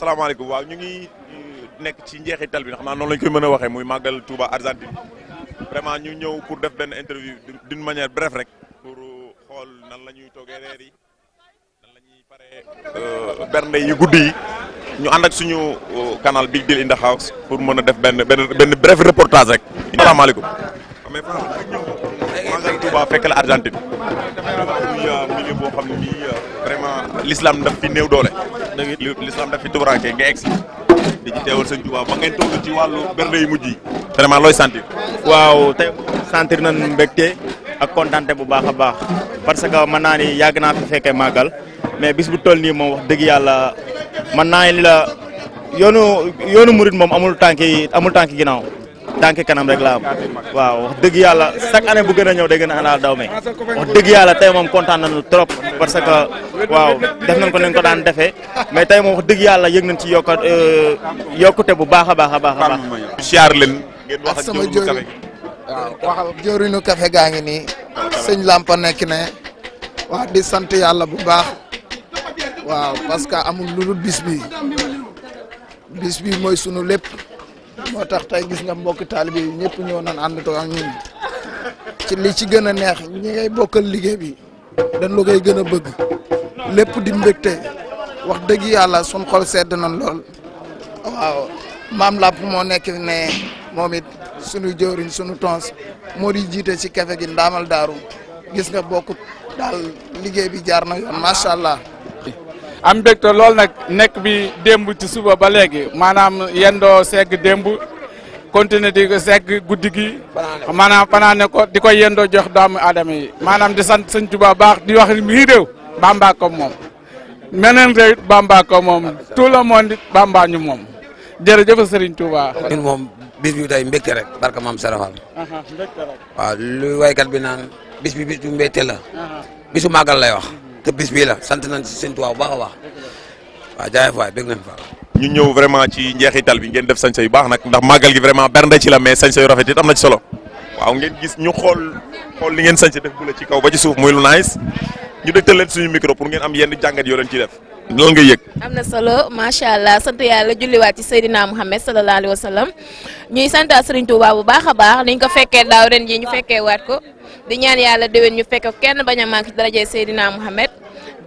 salaamaaleykum waaw ñu ngi nekk ci njeexital bi na xam naa noonu lañ koy mën a waxee muy màggal Touba Argentine vraiment ñu ñëw pour def benn interview d'une manière bref rek pour xool nan la ñuy toogee reer yi nan la ñuy paree euh, bernde yi guddi yi ñu ànd ak suñu euh, canal Big Deal in the House pour mën a def benn benn benn bref reportage rek. salaamaaleykum. Touba fekk la Argentine muy xam vraiment l'islam daf fi néew doole l'islam daf fi tubaranke nga egsi di ci teewal sëñ ba ngeen toll ci wàllu bernde yu mujj yi vraiment looy sentir waaw te sentir nañ mbégte ak kontante bu baax a baax parce que mën naa ni yàgg naa fi fekkee màggal mais bis bu toll nii moom wax dëgg yàlla mën naa ni la yoonu yoonu murit moom amul tànki amul tànki ginnaaw tànk kanam rek la waaw wax dëgg yàlla chaque année bu gën a ñëw day gën a àndaal daw me wax dëgg yàlla tey moom kontaan nañu trop parce que waaw def nañ ko nañ ko daan defee mais tey moom wax dëgg yàlla yëg nañ ci yokka euh, yokkute bu baax a baax a baax a baax siyaar leen ngeen wax ak sama jëwriñ waaw waxal jëwriñu gaa ngi nii sëñ làmpa nekk ne waa di sant yàlla bu baax waaw parce que amul lu dul bi mooy sunu lépp moo tax tey gis nga mbokki taalibe yi ñëpp ñëw nañ ànd toog ak ñun ci li ci gën a neex ñi bokk bokkal liggéey bi dañ la koy gën a bëgg lépp di mbégte wax dëgg yàlla sun xol sedd nañ lool waaw maam làpp moo nekk ne moom it sunu jëwriñ sunu tons moo di jiite ci kafe gi ndaamal daaru gis nga bokkut daal liggéey bi jaar na yoon macha allah am mbégte lool nag nekk bi démb ci suba ba léegi maanaam yendoo segg démb continuer di segg guddi gi maanaam fanaane ko di koy yendoo jox doomu aadama yi maanaam di sant sëñ Tuubaa baax di wax mii réew Bàmbaa ko moom meneen réew it moom tout le monde it Bàmbaa ñu moom jërëjëf Sëriñ Tuubaa ñun moom bis bi tey rek barka maam sarafal mbégte rek waaw bi naan bis bi bis bu mbégte la bisu lay wax mhm. te bis bii sant nañ si seen bu baax a baax waaw jaay faay bëgg nañ fa ñu ñëw vraiment ci njeexital bi ngeen def sañse yu baax nag ndax màggal gi vraiment bernde ci la mais sañse rafet it am na ci solo waaw ngeen li ngeen sañse def la ci kaw ba ci suuf muy lu nice ñu dëgtal leen suñu micro pour ngeen am yenn jàngat yoo leen na solo macha allah sant yàlla julliwaat ci Seydina Mouhamed sallallahu alayhi wa sallam ñuy santaat Serigne Touba bu baax a baax niñ ko fekkee daaw ren jii ñu fekkee waat ko. di ñaan yàlla déwén ñu fekk kenn bañ a mànk ci darajee Seydina Mouhamed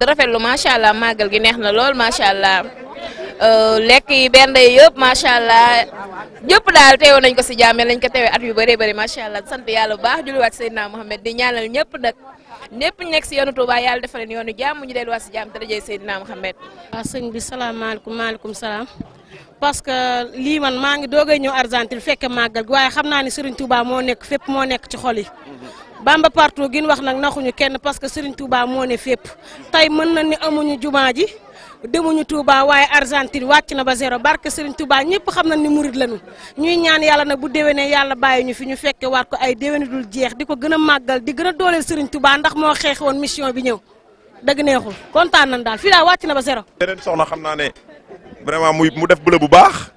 di macha allah màggal gi neex na lool macha allah euh, lekk yi benn yëpp macha allah ñëpp daal teewoon nañ ko si jàmm lañ ko teewee at yu bare bëri macha allah sant yàlla bu baax julliwaat Seydina Mouhamed di ñaanal ñëpp nag ñëpp ñu nekk si yoonu Touba yàlla defal leen yoonu jàmm ñu delluwaat si jàmm darajee Seydina Mouhamed. waaw sëñ bi salaamaaleykum maaleykum salaam. parce que lii man maa ngi doogay ñëw Argentine fekke màggal waaye xam naa ne Serigne Touba moo nekk fépp moo nekk ci xol yi Bamba partout gin wax nag naxuñu kenn parce que Serigne Touba moo ne fépp tey mën na ni amuñu jumaa ji demuñu Touba waaye Argentine wàcc na ba zéro barke Serigne Touba ñëpp xam na ni murid lañu ñuy ñaan yàlla nag bu déwénee yàlla bàyyi ñu fi ñu fekke waat ko ay déwéni dul jeex di ko gën a màggal di gën a dooleel Serigne Touba ndax moo xeex woon mission bi ñëw dëgg neexul kontaan nañ daal fii daal wàcc na ba zéro. beneen soxna xam naa ne vraiment muy mu def bële bu baax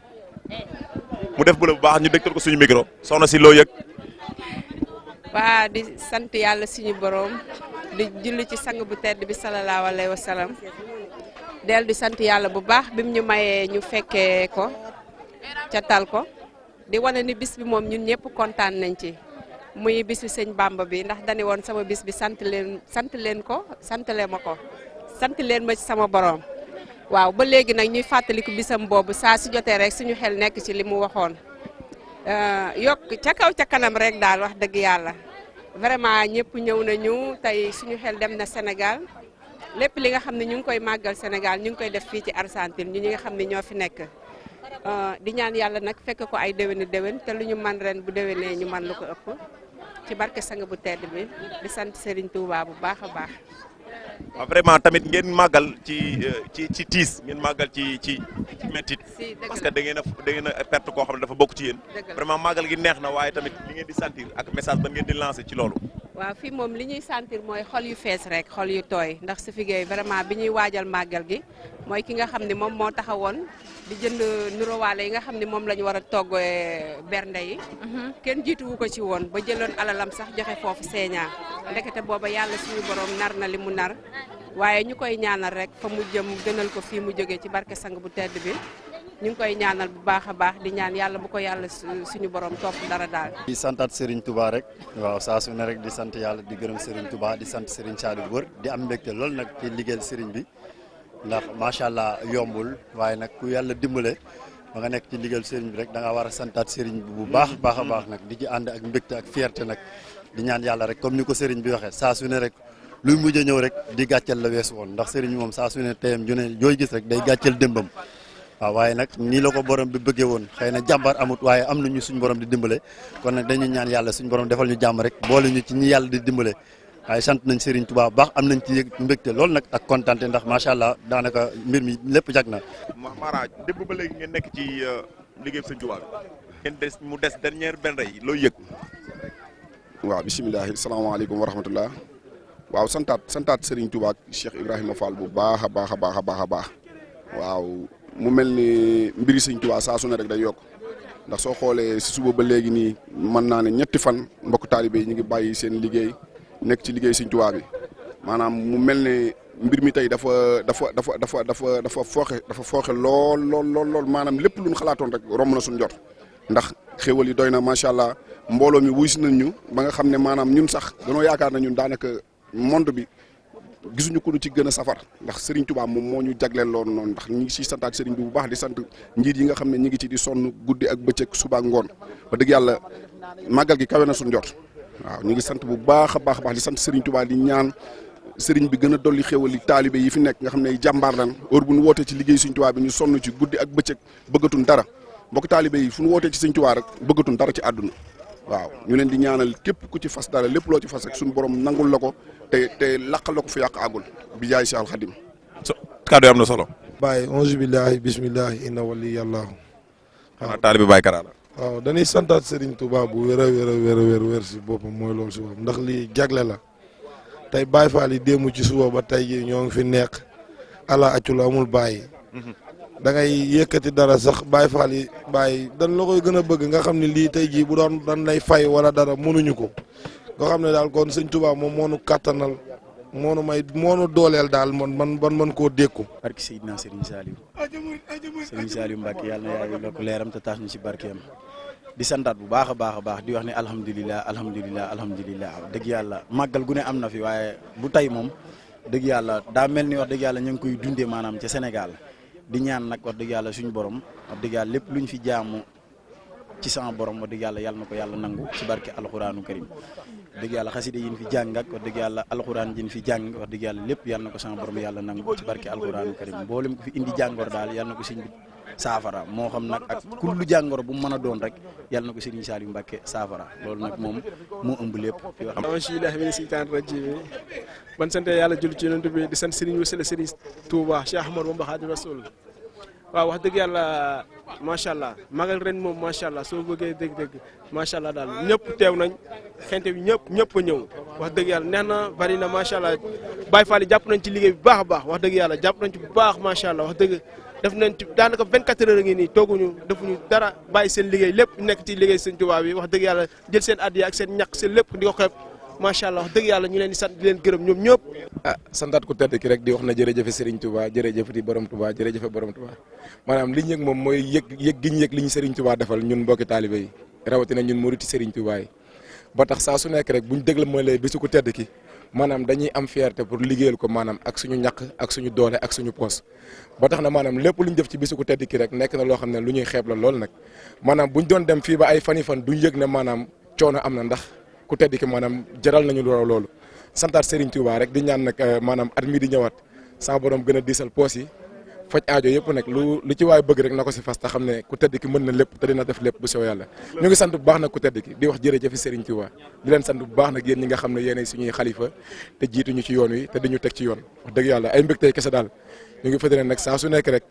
mu def bële bu baax ñu dégtal suñu micro soxna si loo yëg waa di sant yàlla suñu boroom di julli ci sang bu tedd bi salallaahu alayhi wa salaam del di sant yàlla bu baax bim ñu mayee ñu fekkee ko ca tal ko di wane ni bis bi moom ñun ñëpp kontaan nañ ci muy bisu sëñ Bamba bi ndax dani woon sama bis bi sant leen sant leen ko sant leen ma ko sant leen ma ci sama borom waaw ba léegi nag ñuy fàttaliku bisam boobu saa su jotee rek suñu xel nekk ci li mu waxoon Euh, yokk ca kaw ca kanam rek daal wax dëgg yàlla vraiment ñëpp ñëw nañu tey suñu xel dem na Sénégal lépp li nga xam ne ñu ngi koy màggal Sénégal ñu ngi koy def fii ci Argentine ñu ñi nga xam ne ñoo fi nekk euh, di ñaan yàlla nag fekk ko ay déwéni déwén te lu ñu man ren bu déwénee ñu man lu ko ëpp ci barke sang bu tedd bi di sant Serigne Touba bu baax a baax Ah, vraiment tamit ngeen màggal ci euh, ci ci tiis ngeen màggal ci ci ci méttit parce que da a da a perte koo xam ne dafa bokk ci yéen vraiment màggal gi neex na waaye tamit li ngeen di sentir ak message ba ngeen di lancer ci loolu waaw fii moom li ñuy sentir mooy xol yu fees rek xol yu tooy ndax su yi vraiment bi ñuy waajal màggal gi mooy ki nga xam ne moom moo taxawoon di jënd nurowaale yi nga xam ne moom la ñu war a togg bernde yi mhm. kenn jiituwu ko ci woon ba jëloon alalam sax joxe foofu seeñaa ndekete booba yàlla suñu borom nar na li mu nar waaye ñu koy ñaanal rek fa mu jëm gënal ko fii mu jógee ci barke sang bu tedd bi ñu koy ñaanal bu baax a baax di ñaan yàlla bu ko yàlla suñu borom topp dara daal. di santaat Serigne Touba rek waaw saa su ne rek di sant yàlla di gërëm Serigne Touba di sant Serigne Saliou wër di am mbégte lool nag ci liggéeyal Serigne bi ndax macha allah yombul waaye nag ku yàlla dimbale ba nga nekk ci liggéeyal Serigne bi rek da nga war a santaat Serigne bi bu baax baax a baax nag di ci ànd ak mbégte ak fierté nag di ñaan yàlla rek comme ni ko Serigne bi waxee saa su ne rek. luy mujj a ñëw rek di gàcceel la weesu woon ndax sëriñ moom saa su ne teyam ju ne jooy gis rek day gàcceel démbam waaw waaye nag nii la ko borom bi bëggee woon xëy na jàmbar amut waaye am nañu suñu borom di dimbale kon nag dañuy ñaan yàlla suñu borom defal ñu jàmm rek boole ñu ci ñi yàlla di dimbale waaye sant nañ Serigne Touba baax am nañ ci yëg mbégte lool nag ak kontaan ndax macha allah daanaka mbir mi lépp jag na. Mara démb ba léegi ngeen nekk ci euh, liggéey Serigne Touba mu des dernière benn rey yëg. waaw bisimilah salaamaaleykum wa rahmatulah waaw santaat santaat Serigne tubaak ak Cheikh Ibrahima Fall bu baax a baax baax a baax a baax waaw. mu mel ni mbiri sëñ Tuubaa saa su ne rek day yokk ndax soo xoolee si suba ba léegi nii mën naa ne ñetti fan mbokk taalibe yi ñu ngi bàyyi seen liggéey nekk ci liggéey sëñ Tuubaa bi maanaam mu mel ne mbir mi tey dafa dafa dafa dafa dafa dafa fooxe dafa fooxe lool lool lool maanaam lépp lu xalaatoon rek romb na suñu jot ndax xéwal yi doy na macha allah mbooloo mi wuy si nañ ñu ba nga xam ne maanaam ñun sax danoo yaakaar na ñun daanaka monde bi gisuñu ko lu ci gën a safar ndax Serigne tubaa moom moo ñu jagleel loon noonu ndax ñu ngi siy santaat Serigne bi bu baax di sant njiit yi nga xam ne ñu ngi ci di sonn guddi ak bëcëg suba ak ngoon dëgg yàlla màggal gi kawe suñu jot waaw ñu ngi sant bu baax a baax a baax di sant Serigne Touba di ñaan Serigne bi gën a dolli xéwali taalibe yi fi nekk nga xam ne jàmbaar lan heure bu ñu ci liggéey Serigne bi ñu sonn ci guddi ak bëccëg bëggatun dara mbokk taalibe yi fu ñu wootee ci Serigne Touba rek bëggatun dara ci àdduna waaw ñu leen di ñaanal képp ku ci fas dara lépp loo ci fas ak suñu borom nangul la ko te te laqal la ko fu yàq àggul bi jaay si alxadim. so kàddu am na solo. Baye onze billahi bismillahi inna wali allahu. xanaa taalibi bi Kara la. waaw dañuy santaat Serigne Touba bu wér a wér a wér a si boppam mooy loolu si boppam ndax lii jagle la tey Baye Fall yi démb ci suba ba tey jii ñoo ngi fi nekk ala acula amul bàyyi. da ngay yëkkati dara sax bàyyi faal yi bàyyi dan loo koy gën a bëgg nga xam ne lii tey jii bu doon dan lay fay wala dara mënuñu ko nga xam ne daal kon sëñ Tuubaa moom moo nu kàttanal moo nu may dooleel daal man man man man koo dékku. barke Seydina Serigne Saliou Serigne Saliou Mbacke yàlla na yàlla yokk leeram te taax ñu ci barkeem di santaat bu baax a baax a baax di wax ne alhamdulilah alhamdulilah alhamdulilah dëgg yàlla màggal gu ne am na fi waaye bu tey moom dëgg yàlla daa mel ni wax dëgg yàlla ñu ngi koy dundee maanaam ca Sénégal. di ñaan nag wax dëgg yàlla suñu borom wax dëgg yàlla lépp lu ñu fi jaamu ci sama borom wax dëgg yàlla yàlla ko yàlla nangu ci barke alxuraanu karim wax dëgg yàlla xasida yi ñu fi jàng ak wax dëgg yàlla alxuraan ji ñu fi jàng wax dëgg yàlla lépp yàlla na ko sama borom yàlla nangu ci barke alxuraanu karim mboolem ko fi indi jàngoor daal yàlla na ko sëñ bi saafara moo xam nag ak kullu jàngoro bu mu mën a doon rek yàlla na ko Serigne Saliou Mbacke saafara loolu nag moom moo ëmb lépp yoo xam bismillahi mina seytaani rajiim ban sant yàlla julli ci yonent bi di sant Serigne wasila Serigne Touba Cheikh Ahmadou Bamba Khadimu waaw wax dëgg yàlla macha allah magal ren moom macha allah soo bëggee dëgg-dëgg macha allah daal ñëpp teew nañ xente bi ñëpp ñëpp a ñëw wax dëgg yàlla neex na bari na macha allah Baye Fall jàpp nañ ci liggéey bi baax a baax wax dëgg yàlla jàpp nañ ci bu baax macha allah wax dëgg. def nañ ci daanaka 24 heures a ngi nii tooguñu defuñu dara bàyyi seen liggéey lépp nekk ci liggéey seen tubaab bi wax dëgg yàlla jël seen addiya ak seen ñaq seen lépp di ko xeeb macha allah wax dëgg yàlla ñu leen di sant di leen gërëm ñoom ñëp ah santaat ku tedd ki rek di wax na jërëjëfe Serigne Touba jërëjëf di borom Touba jërëjëfe borom Touba maanaam li ñu yëg moom mooy yëg yëg gi ñu yëg li ñu Serigne Touba defal ñun mbokki taalibe rawatina ñun murit Serigne Touba yi ba tax saa su nekk rek bu ñu déglamaalee bisu ku tedd ki maanaam dañuy am fierté pour liggéeyal ko maanaam ak suñu ñàkk ak suñu doole ak suñu poos ba tax na maanaam lépp lu ñu def ci bisu ku tedd ki rek nekk na loo xam ne lu ñuy xeeb la lool nag maanaam bu ñu doon dem fii ba ay fani fan duñ yëg ne maanaam coono am na ndax ku tedd ki maanaam jaral nañu loolu santaat Serigne Touba rek di ñaan nag eh, maanaam at mii di ñëwaat sama borom gën a diisal poos yi faj aajo yëpp nag lu lu ci waay bëgg rek na ko si fas te xam ne ku tedd ki mën na lépp te dina def lépp bu sow yàlla ñu ngi sant bu baax nag ku tedd ki di wax jërëjëf Serigne Touba di leen sant bu baax nag yéen ñi nga ne yéenay suñuy xalifa te jiituñu ci yoon wi te ñu teg ci yoon wax dëgg yàlla ay mbégtey kese daal ñu ngi fëtëne nag saa su nekk rek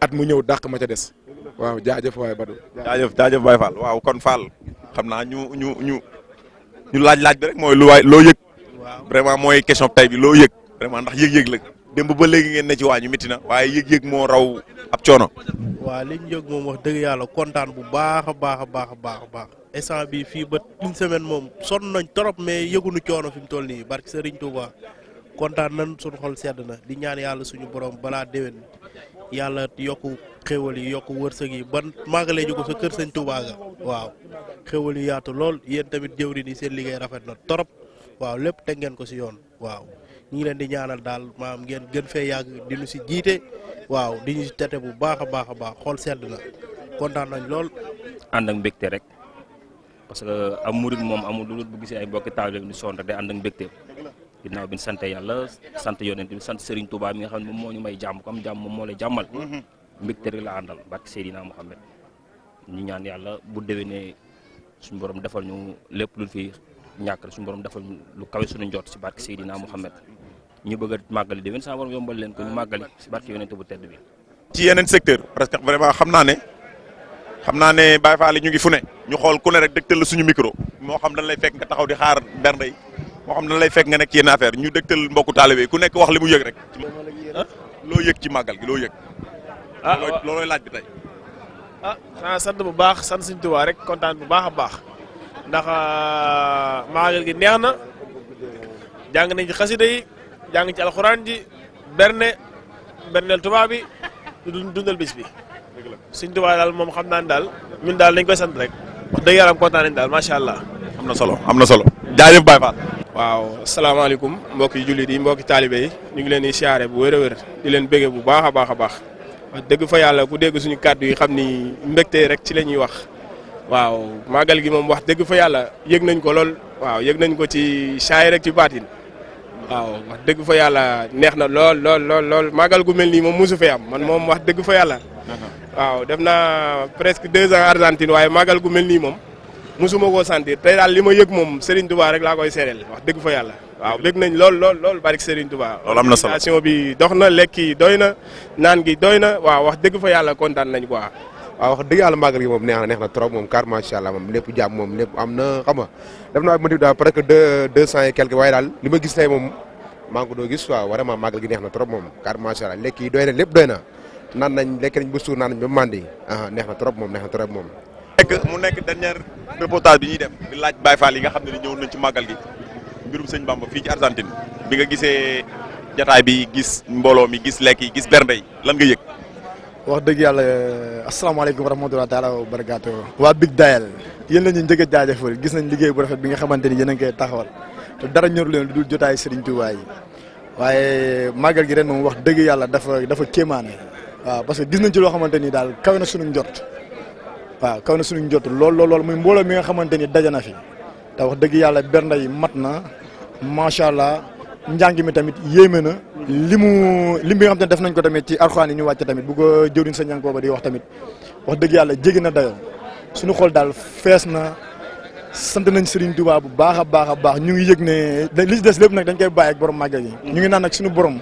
at mu ñëw dàq ma ca des waaw jaajëf waay Badou jaajëf jaajëf Baye Fall waaw kon Fall xam naa ñu ñu ñu ñu laaj laaj rek mooy lu waay loo yëg vraiment mooy question tey bi loo yëg vraiment ndax yëg-yëg la démb ba léegi ngeen na ci waañu métti na waaye yëg-yëg moo raw ab coono. waaw liñ yëg moom wax dëgg yàlla kontaan bu baax a baax a baax a baax a baax instant bii fii ba une semaine moom son nañ trop mais yëguñu coono fi mu toll nii barke Serigne Touba kontaan nañ suñu xol sedd na di ñaan yàlla suñu borom balaa déwén yàlla yokk xéwal yi yokku wërsëg yi ban màggalee ñu ko sa kër Sëñ Touba ga waaw xéwal yi yaatu lool yéen tamit jëwriñ yi seen liggéey rafet na trop waaw lépp teg ngeen ko si yoon ñu ngi leen di ñaanal daal maam ngeen gën fee yàgg di si jiite waaw di ñu tete bu baax a baax a baax xool sedd na kontaan nañ lool. ànd ak mbégte rek parce que am murid moom amul lu lu bu gisee ay mbokki taalibe di sonn rek day ànd ak mbégte ginnaaw bi ñu sant yàlla sant yonent bi sant Serigne Touba mi nga ne moom moo ñu may jàmm comme jàmm moom moo la jàmmal. Mm-hmm. mbégte rek la àndal barke Seydina Mohamed ñu ñaan yàlla bu ne suñu borom defal ñu lépp lu fi ñàkk rek suñu borom defal ñu lu kawe suñu njort si barke Seydina ñu bëgg a màggali déwén sama borom yombal leen ko ñu màggali si barke yonent bu tedd bi. ci yeneen secteur parce que vraiment xam naa ne xam naa ne Baye Fall ñu ngi fu ne ñu xool ku ne rek dëgtal la suñu micro moo xam dañ lay fekk nga taxaw di xaar bernde yi moo xam dañ lay fekk nga nekk ci yenn affaire ñu dëgtal mbokku taalibe ku nekk wax li mu yëg rek. Ah? loo yëg ci màggal gi loo yëg. Ah, ah loolooy laaj bi tey. ah xanaa sant bu baax sant Sëñ Tuubaa rek kontaan bu baax a baax ndax ah, màggal gi neex na jàng nañ ci jàng ci alxuraan ji berne berneel tubaab bi dundal bis bi suñ tubaab daal moom xam naa ne daal ñun daal dañ koy sant rek wax dëgg yàlla am kontaan nañ daal macha allah. am na solo am na solo jaajëf Baye Fall. waaw salaamaaleykum mbokki jullit yi mbokki taalibe yi ñu ngi leen di siyaare bu wér a wér di leen bége bu baax a baax a baax wax dëgg fa yàlla ku dégg suñu kàddu yi xam ni mbégte rek ci la ñuy wax. waaw màggal gi moom wax dëgg fa yàlla yëg nañ ko lool waaw yëg nañ ko ci saay rek ci baatin waaw wax dëgg fa yàlla neex na lool lool lool lool màggal gu mel ni moom mosu fee am man moom wax dëgg fa yàlla. waaw def naa presque deux ans Argentine waaye màggal gu mel ni moom mosuma koo sentir te daal li ma yëg moom Serigne Touba rek laa koy seedeel wax dëgg fa yàlla. waaw bëgg nañ lool lool lool barik Serigne Touba. loolu am na solo bi dox na lekk yi doy na naan gi doy na waaw wax dëgg fa yàlla kontaan nañ quoi. waaw wax dëgg yàlla màggal gi moom neex na neex na trop moom car macha allah moom lépp jàmm moom lépp am na xam nga et quelque waaye daal li ma gis tey moom maa ngi ko doo gis waaw gi neex na trop moom car macha allah lekk yi doy na lépp doy na naan nañ lekk nañ ba suur naan nañ ba mandi ah neex na trop moom neex na trop moom. nekk mu nekk dernier reportage bi ñuy def di laaj Baye Fall yi nga xam ne ñëw nañ ci màggal gi mbirum sëñ Bamba fii ci Argentine bi nga gisee jataay bi gis mbooloo mi gis lekk yi gis bernde yi lan nga yëg wax dëgg yàlla asalaamaaleykum wa rahmatulah taala wa barakaatu. waa Big Dial yéen la ñuy njëkk a gis nañ liggéey bu rafet bi nga xamante ni yéen a ngi koy taxawal te dara ñor leen lu dul jotaay Serigne Touba yi waaye màggal gi ren moom wax dëgg yàlla dafa dafa kéemaane waaw parce que gis nañ ci loo xamante ni daal kaw na suñu njort waaw kaw na suñu njort lool lool lool muy mbooloo mi nga xamante ni daje na fi te wax dëgg yàlla bernda yi mat na macha allah njàng mi tamit yéeme na. li mu lim bi nga xam ne def nañ ko tamit ci arxaan yi ñu wàcce tamit bu ko jëwriñ sa ñànkoo ba di wax tamit wax dëgg yàlla jéggi na dayoo suñu xool daal fees na sant nañ Serigne Touba bu baax a baax a baax ñu ngi yëg ne li ci des lépp dañ koy bàyyi borom màggal yi ñu ngi naan nag suñu borom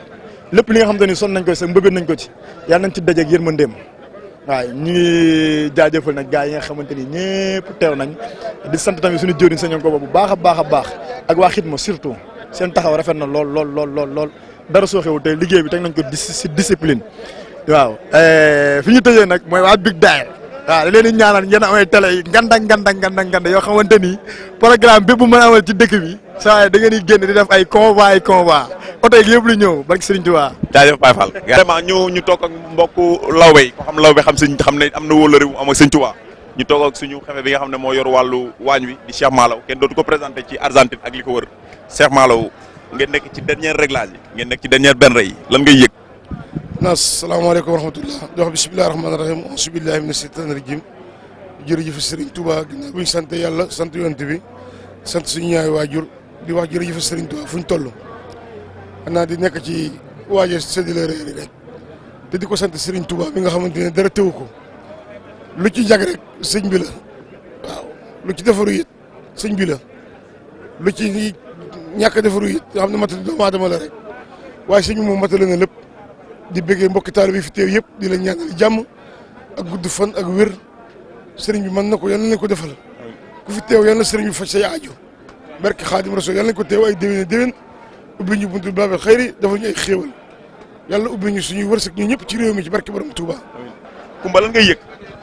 lépp li nga xam te ni son nañ ko sa mbëbët nañ ko ci yàlla nañ ci dajeeg yërmandeem waaw ñu ngi jaajëfal nag gars yi nga xamante ni ñëpp teew nañ di sant tamit suñu jëwriñ sa ñànkoo ba bu baax a baax a baax ak waa xitma surtout seen taxaw rafet na lool lool lool lool lool dara soo xewul tey liggéey bi teg nañ ko si discipline waaw eh, fi ñu tëjee nag mooy waa Big Daayir waaw da leen di ñaanal ngeen amee télé yi nganda nganda nganda nganda yoo xamante ni bi bu man a amal ci dëkk bi saa da ngeen di génn di def ay convoi ay convoi oto yi yëpp lu ñëw barki Serigne Touba. jaajëf Baye Fall. vraiment ñu ñu toog ak mbokku lawbe yi ko xam lawbe xam sëñ xam ne am na wóolare bu am ak waa ñu toog ak suñu xefe bi nga xam ne moo yor wàllu waañ wi di Cheikh Malaw kenn dootu ko présenté ci Argentine ak li ko wër Cheikh Malaw ngeen nekk ci dernier réglage yi ngeen nekk ci dernier benn rey lan ngay yëg. naas salaamaaleykum wa rahmatulah di wax bisimilah rahmaani rahim auzu billahi mina shaytaani rajim jërëjëf Serigne Touba ginnaaw bi ñu sant yàlla sant yonent bi sant suñu ñaari waajur di wax jërëjëf Serigne Touba fu ñu toll. xanaa di nekk ci waaje séddale réer yi rek te di ko sant Serigne Touba bi nga xamante ne dara teewu ko lu ci jag rek sëñ bi la ci defaru it sëñ bi la ñàkk a defaru it xam ne matal doomu aadama la rek waaye sëñ moom matal na lépp di bëggee mbokki taalibe bi fi teew yëpp di la ñaanal jàmm ak gudd fan ak wër sëriñ bi mën na ko yal na ko defal ku fi teew yal na sëriñ bi faj say aajo barke xaadim rasul yal na ko teew ay déwén déwén ubbi ñu buntu baabal xëyri dafa ñu ay xéewal yàlla ubbi ñu suñuy wërsëg ñu ñëpp ci réew mi ci barke borom Touba. Kumba lan ngay yëg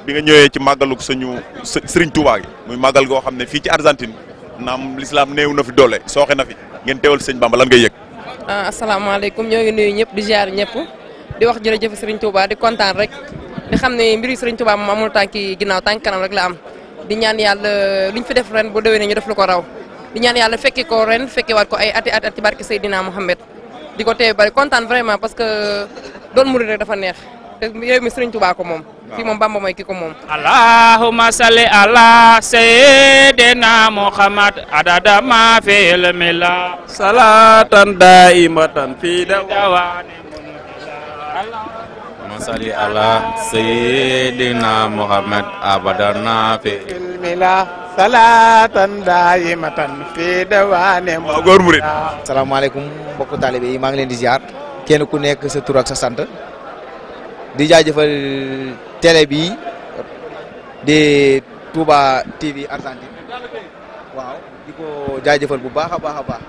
bi nga ñëwee ci màggalu suñu sëriñ Touba gi muy màggal goo xam ne fii ci Argentine. naam lislaam néew na fi doole sooxe na fi ngeen teewal sëñ Bamba lan ngay yëg. Ah, asalaamaaleykum ñoo ngi nuyu ñëpp di ziar ñëpp di wax jërëjëf Serigne Touba di kontaan rek di xam ne mbiri Serigne Touba moom amul tànki ginnaaw tànki kanam rek la di ñaan yàlla luñ fi def ren bu déwénee ñu def lu ko raw di ñaan yàlla fekki ko ren fekke waat ko ay ati at ci Seydina Mohamed di ko teew bari kontaan vraiment parce que doon murid rek dafa neex te réew mi Serigne Touba ko moom. fii moom Bamba mooy ki ko moom allahumma salli ala sayyidina muhammad adada ma fil mila salatan daimatan fi dawani allahumma salli ala sayyidina muhammad abadana fil mila salaatan daayimatan fii dawaane moo góor murid asalaamaaleykum mbokk taalibe yi maa ngi leen di ziar kenn ku nekk sa tur ak sa sant di jaajëfal télé bi di Touba TV Argentine waaw di ko jaajëfal bu baax a baax a baax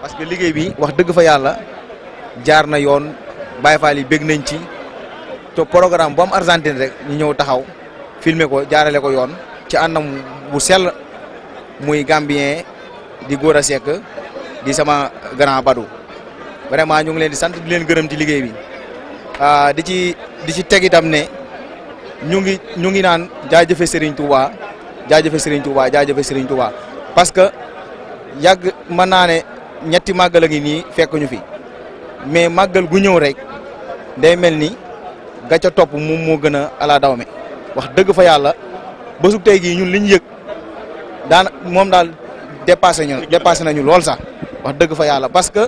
parce que liggéey bi wax dëgg fa yàlla jaar na yoon Baye fal yi bég nañ ci te programme bu am Argentine rek ñu ñëw taxaw filmer ko jaarale ko yoon ci àndam bu sel muy Gambien di gor a sekk di sama grand Badou vraiment ñu ngi leen di sant di leen gërëm ci liggéey bi. Ah, di ci di ci teg itam ne ñu ngi ñu ngi naan jaajëfe Serigne Touba jaajëfe Serigne Touba jaajëfe Serigne Touba parce que yàgg mën naa ne ñetti màggal a ngi nii fekk ñu fi mais màggal gu ñëw rek day mel ni ga ca topp moom moo gën a ala dawme wax dëgg fa yàlla bésub tey gii ñun li ñu yëg daan moom daal dépassé ñu dépassé nañu lool sax wax dëgg fa yàlla parce que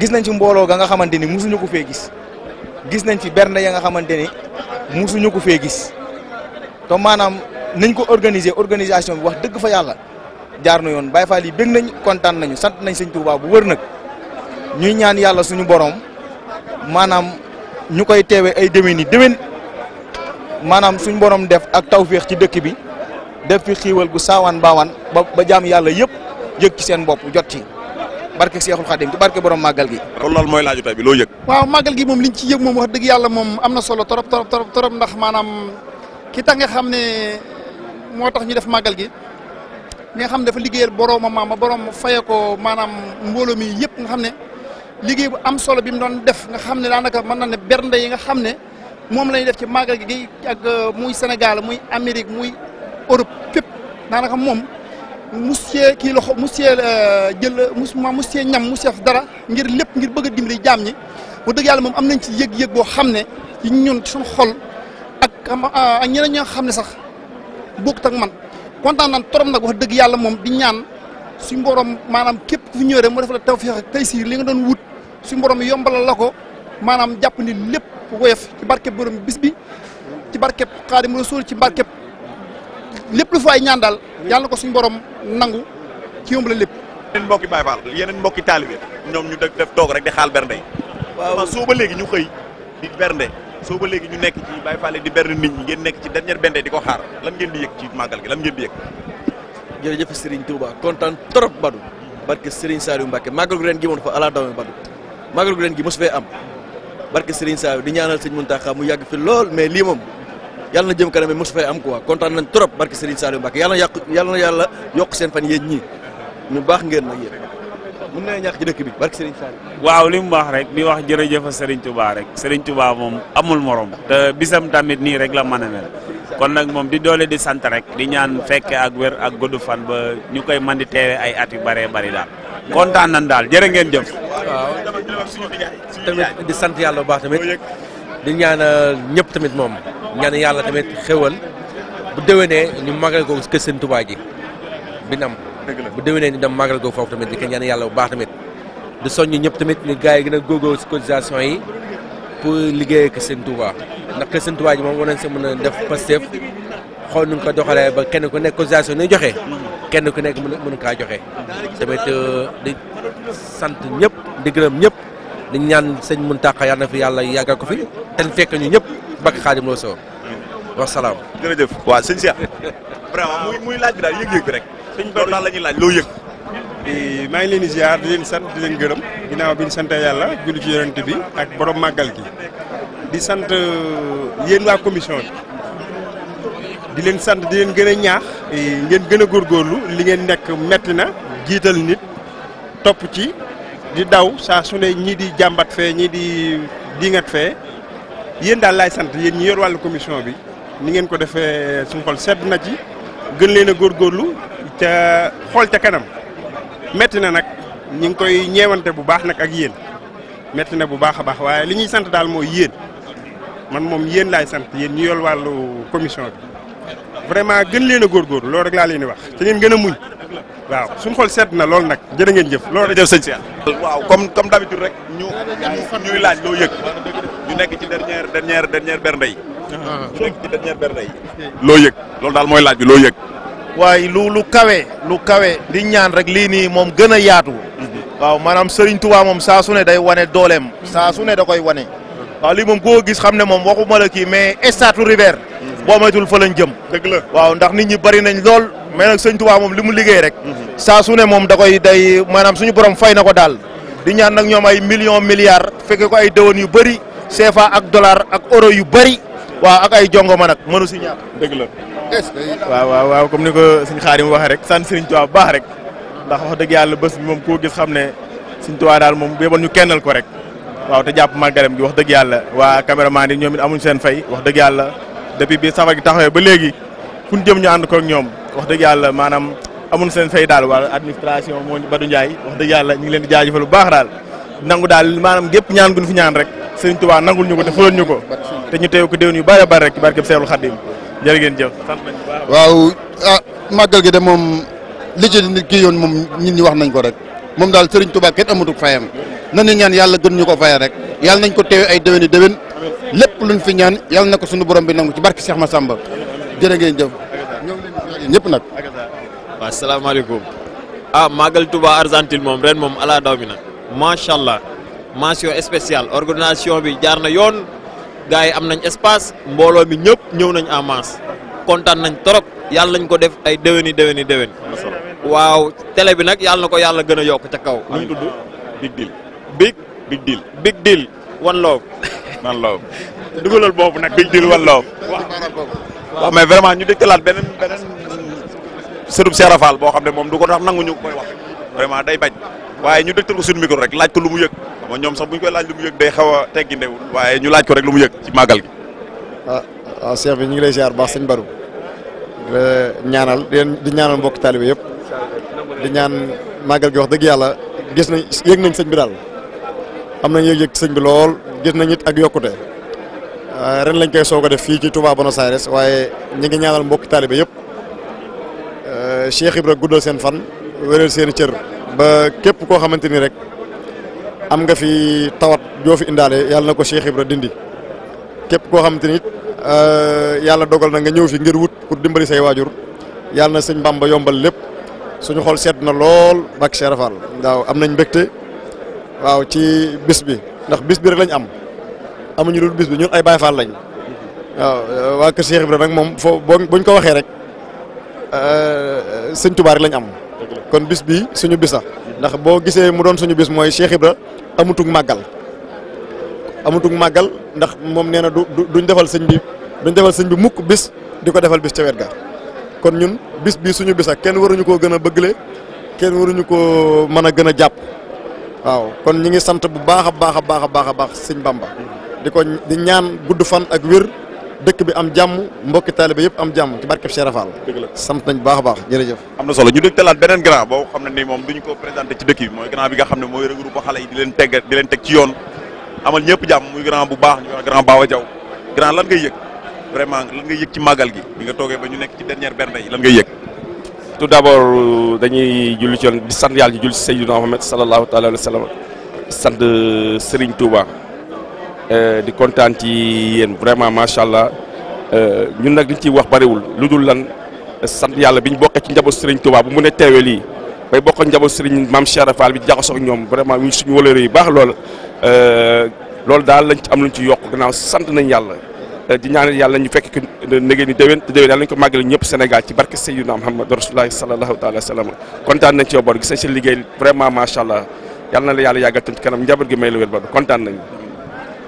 gis nañ ci mbooloo ga nga xamante ni mosuñu ko fee gis. gis nañ fi bernde ya nga xamante ni musuñu ko fee gis te maanaam nañ ko organiser organisation bi wax dëgg fa yàlla jaar na yoon Baye Fall yi bëgg nañ kontaan nañu sant nañ sëñ Touba bu wër nag ñuy ñaan yàlla suñu borom maanaam ñu koy teewee ay déwén yi déwén maanaam suñu borom def ak tawféex ci dëkk bi def fi xiiwal gu saawaan baawaan ba ba jaam yàlla yëpp yëg ci seen bopp jot yi barke Seexul Xadim ci barke borom màggal gi. loolu mooy laaju tey bi loo yëg. waaw màggal gi moom liñ ci yëg moom wax dëgg yàlla moom am na solo trop trop trop trop ndax maanaam ki tax nga xam ne moo tax ñu def màggal gi mi xam ne dafa liggéeyal borooma maam ba boroom faye ko maanaam mbooloo mi yëpp nga xam ne liggéey bu am solo bi mu doon def nga xam ne daanaka mën na ne bernde yi nga xam ne moom la ñuy def ci màggal gi ak muy Sénégal muy Amérique muy Europe fépp daanaka moom. monsieur kii loxo monsieur euh, jël monsieur ñam fu dara ngir lépp ngir bëgg a dimbali jaam ñi wax dëgg yàlla moom am nañ ci yëg-yëg boo xam ne ci ñun suñu xol ak ak ñeneen ñoo xam ne sax bokkut ak man kontaan naan trop nag wax dëgg yàlla moom di ñaan si borom maanaam képp ku fi ñëw rek mu def la tawfeex ak taysiir li nga doon wut suñu borom yombalal la ko maanaam jàpp ni lépp woyof ci barkeb borom bis bi ci barkeb Xaadimu Rasuul ci barkeb lépp lu fay ñaan daal yàlla na ko suñu borom nangu ci yomb la lépp. yeneen mbokki Baye Fall yeneen mbokki taalibe ñoom ñu def toog rek di xaal bernde waaw soo ba léegi ñu xëy di bernde soo ba léegi ñu nekk ci Baye Fall di bernde nit ñi ngeen nekk ci dernière bernde di ko xaar lan ngeen di yëg ci màggal gi lan ngeen di yëg. jërëjëf Serigne Touba kontaan trop Badou barke Serigne Saliou Mbacke màggal gu ren gi moom dafa ala dawme Badou màggal gu ren gi mos fee am barke Serigne Saliou di ñaanal sëñ Mountakha mu yàgg fi lool mais lii yàlla na jëm kanam bi mosu fay am quoi kontaan nañ trop barke Serigne Saliou Mbacke yàlla na yàq yàlla na yàlla yokk seen fan yéen ñi ñu baax ngeen nag yéen mën na ñàkk ci dëkk bi barke Serigne Saliou waaw li mu baax rek di wax jërëjëf sëriñ Touba rek Serigne Touba moom amul morom te bisam tamit nii rek la mën a mel kon nag moom di doole di sant rek di ñaan fekke ak wér ak gudd fan ba ñu koy mën di teewe ay at yu bëree bëri daal kontaan nañ daal jërë ngeen jëf waaw di sant yàlla bu baax tamit di ñaan ñëpp tamit moom ñaan yàlla tamit xéwal bu déwénee ñu magal ko kër seen Tuubaa ji bi nam bu déwénee ñu dem magal ko foofu tamit di ñaan yàlla bu baax tamit di soññ ñëpp tamit ñu gars yi gën a góogóor si cotisation yi pour liggéey ki seen Tuubaa ndax kër seen Tuubaa ji moom war nañ sa mën a def Pastef xool nu ko doxalee ba kenn ku nekk cotisation ni joxe kenn ku nekk mën mën kaa joxe tamit euh, di sant ñëpp di gërëm ñëpp dañ ñaan sëñ Muntaxa yàlla na fi yàlla yàggal ko fi ten fekk ñu ñëpp bakk xaadim loo soo wa salaam. jërëjëf waaw sëñ Cheikh vraiment muy laaj bi daal yëg-yëg bi rek. suñ borom daal la laaj loo yëg. maa ngi leen di ziar di leen sant di leen gërëm ginnaaw bi ñu sant yàlla julli ci yonent bi ak borom màggal gi di sant euh, yéen waa commission di leen sant di leen gën a ñaax eh, ngeen gën góor góorlu li ngeen nekk metti na jiital nit topp ci di daw saa su ne ñii di jàmbat fee ñii di dingat fee yéen daal laay sant yéen ñi yor wàllu commission bi ni ngeen ko defee suñu xol sedd na ci gën leen góor góorlu ca xool ca kanam metti na nag ñu ngi koy ñeewante bu baax nag ak yéen metti na bu baax a baax waaye li ñuy sant daal mooy yéen man moom yéen laay sant yéen ñi yor wàllu commission bi vraiment gën leen a góorgóorlu loolu rek laa leen di wax te ngeen gën a muñ waaw suñu xol sedd na loolu nag jërë ngeen jëf loolu rek jëf sëñ si waaw comme comme d'habitude rek ñu ñuy laaj loo yëg ñu nekk ci dernière dernière dernière bernde yi ñu loo yëg loolu daal mooy laaj bi loo yëg waaye lu lu kawe lu kawe di ñaan rek lii nii moom gën a yaatu waaw maanaam Serigne Touba moom saa su day wane dooleem saa su da koy wane waaw lii moom koo gis xam ne moom waxuma la kii mais statu River boo moytul fa lañ jëm. dëgg la waaw ndax nit ñi bari nañ lool mais nag sëñ Tuubaa moom li mu liggéey rek. Mhm. saa su ne moom da koy day maanaam suñu borom fay na ko daal. di ñaan nag ñoom ay million milliards fekke ko ay dëwën yu bëri CFA ak dollar ak euro yu bëri waaw ak ay jongoma nag mënu si ñàkk. dëgg la waaw waaw waaw comme ni ko sëñ Xaadim waxee rek sant sëñ Tuubaa bu baax rek ndax wax dëgg yàlla bés bi moom koo gis xam ne Sëriñ Tuubaa daal moom yeboon ñu kennal ko rek waaw te jàpp gi wax dëgg yàlla waa caméraman yi ñoom it amuñ seen fay wax dëgg yàlla depuis bi safar gi taxawee ba léegi fu ñu jëm ñu ànd ko ak ñoom wax dëgg yàlla maanaam amun seen fay daal wala administration moo Badou Ndiaye wax dëgg yàlla ñu ngi leen di jaajëfal bu baax daal nangu daal maanaam gépp ñaan guñ fi ñaan rek Sëriñ Tuubaa nangul ñu ko te ñu ko te ko déwén yu bari bari rek ci barkeb Seexul Xadiim jërë ngeen jëf waaw ah màggal gi nañ ko teew ay déwéni déwén lépp luñ fi ñaan yàlla na ko suñu borom bi nangu ci barke Cheikh Massamba jërë ngeen jëf ñoo ñëpp nag. waaw salaamaaleykum. ah Magal Touba Argentine moom ren moom ala daw mi nag macha allah mention spéciale organisation bi jaar na yoon gars yi am nañ espace mbooloo mi ñëpp ñëw nañ en masse kontaan nañ trop yàlla nañ ko def ay déwéni déwéni déwén. waaw télé bi nag yàlla na ko yàlla gën a yokk ca kaw. nu ñu tudd big deal. big deal. big deal one dugalal boobu nag. big deal wala waaw mais vraiment ñu dëkkalaat beneen beneen sëtub Serap Fall boo xam ne moom du ko tax nanguñu koy wax vraiment day bañ waaye ñu dëkkal ko suñu micro rek laaj ko lu mu yëg xam ñoom sax bu ñu laaj lu yëg day xaw a teggi ndewul waaye ñu laaj ko rek lu mu ci màggal gi. ah waaw ah, Cheikh ñu ngi lay ziar baax sëñ Baru ñaanal di ñaanal mbokk taalibe yëpp di ñaan màggal gi wax dëgg yàlla gis nañ yëg nañ sëñ bi daal am nañ yëg-yëg sëñ bi lool gis nañ it ak yokkute. Euh, ren lañ koy soog a def fii ci Touba Buenos Aires waaye ñi ngi ñaanal mbokki taalibe yëpp euh, Cheikh Ibra guddal seen fan wéral seen cër ba képp koo xamante ni rek am nga fi tawat joo fi indaale yàlla na ko Cheikh Ibra dindi képp koo xamante ni euh, yàlla dogal na nga ñëw fi ngir wut pour dimbali say waajur yàlla na sëñ Bamba yombal lépp suñu xol sedd na lool bak Cheikh Fall waaw am nañ mbégte waaw ci bis bi ndax bis bi rek lañ am. amuñu dul bis bi ñun ay Baye lañ waaw euh, waa kër Cheikh Ibra nag moom foo buñ ko waxee rek euh, sëñ Tuubaa lañ am. kon bis bi suñu bis ndax boo gisee mu doon suñu bis mooy Cheikh Ibra amutug màggal amutug màggal ndax moom nee na du duñ defal sëñ bi duñ defal sëñ bi mukk bis di ko defal bis ca wet ga kon ñun bis bi suñu bis kenn waruñu koo gën a bëggle kenn waruñu koo mën a gën a jàpp waaw kon ñu ngi sant bu baax a baax a baax a baax sëñ Bamba di ko di ñaan gudd fan ak wér dëkk bi am jàmm mbokki taalibe yëpp am jàmm ci barkeb Cheikh Rafal sant nañ baax baax jërëjëf am na solo ñu dég talaat beneen grand boo xam ne nii moom du ko présenté ci dëkk bi mooy grand bi nga xam ne mooy regroupe xale yi di leen teg di leen teg ci yoon amal ñëpp jàmm muy grand bu baax ñu wax grand Bawa Diaw grand lan ngay yëg vraiment lan ngay yëg ci màggal gi bi nga toogee ba ñu nekk ci dernière bernde yi lan ngay yëg tout d'abord euh, dañuy julli ci yoon di sant yàlla ci julli ci Seydina Muhammad sallallahu taala alayhi wa sallam sant euh, Serigne Touba Euh, di kontaan ci yéen vraiment macha allah euh, ñun nag liñ ci wax bariwul lu dul lan sant yàlla biñ bokkee ci njaboot Serigne Touba bu mu ne teewee lii bay bokk ak njaboot Serigne maam Cheikh Rafal bi jaxasoo ak ñoom vraiment ñu suñu wëlëre yu baax lool euh, loolu daal lañ ci am luñ ci yokk gannaaw sant nañ yàlla di ñaanal yàlla ñu fekk négé ni déwén te déwén yàlla nañ ko màggal ñëpp Sénégal ci barke Seydina Muhammad Rasulullah sallallahu taala wa sallam kontaan nañ ci yow bor gis nañ seen liggéey vraiment macha na la yàlla may la wér ba kontaan nañ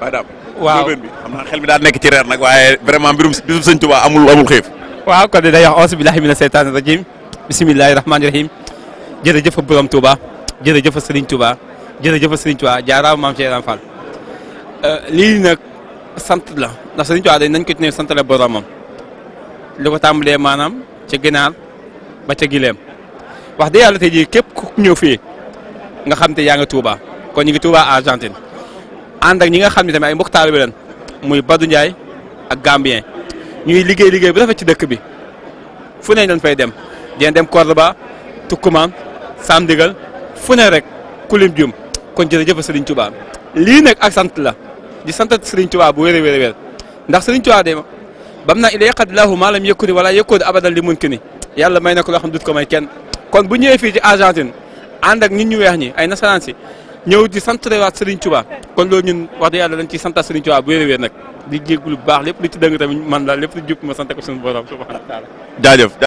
waaye daam waaw mbébét bi xam naa xel mi daal nekk ci reer nag waaye vraiment mbirum mbirum sëñ Tuubaa amul amul xiif waaw kon day a auzu billaahi mina seytaani rajiim bismillaahi rahmaani rahiim jërëjëf borom Touba jërëjëf Serigne Touba jërëjëf Serigne Touba jaaraama maam Cheikh Ibra Fall euh, lii nag sant la ndax Serigne Touba dañ nañ ko ci ne sant la boromam li ko tàmbalee maanaam ca ginaar ba ca gileem wax dëgg yàlla tey jii képp ñëw fii nga xam te yaa nga Touba kon ñu ngi ànd ak ñi nga xam ne tamit ay mbokk taalibe leen muy Badou Ndiaye a Gambien ñuy liggéey liggéey bu rafet ci dëkk bi fu ne lañ fay dem dinañ dem Cordoba Tukumaan Samdigal fu ne rek kulim jum kon jërëjëf Serigne Touba lii nag ak sant la di sant Serigne Touba bu wér a wér a ndax Serigne Touba de bam na ila yaqadilaahu maalam yëkkuni wala yëkkoon abadan li mun ki ni yàlla may na ko loo xam dut ko may kenn kon bu ñëwee fii ci Argentine ànd ak nit ñu weex ñi ay nasaraan ñëw di sant rewaat Serigne Touba kon loolu ñun wax dëgg yàlla dañ ciy santaat Serigne Touba bu wér a nag di jégalu bu baax lépp lu ci dëng tamit man laa lépp lu jub ma sant ko suñu borom subhanahu wa taala jaajëf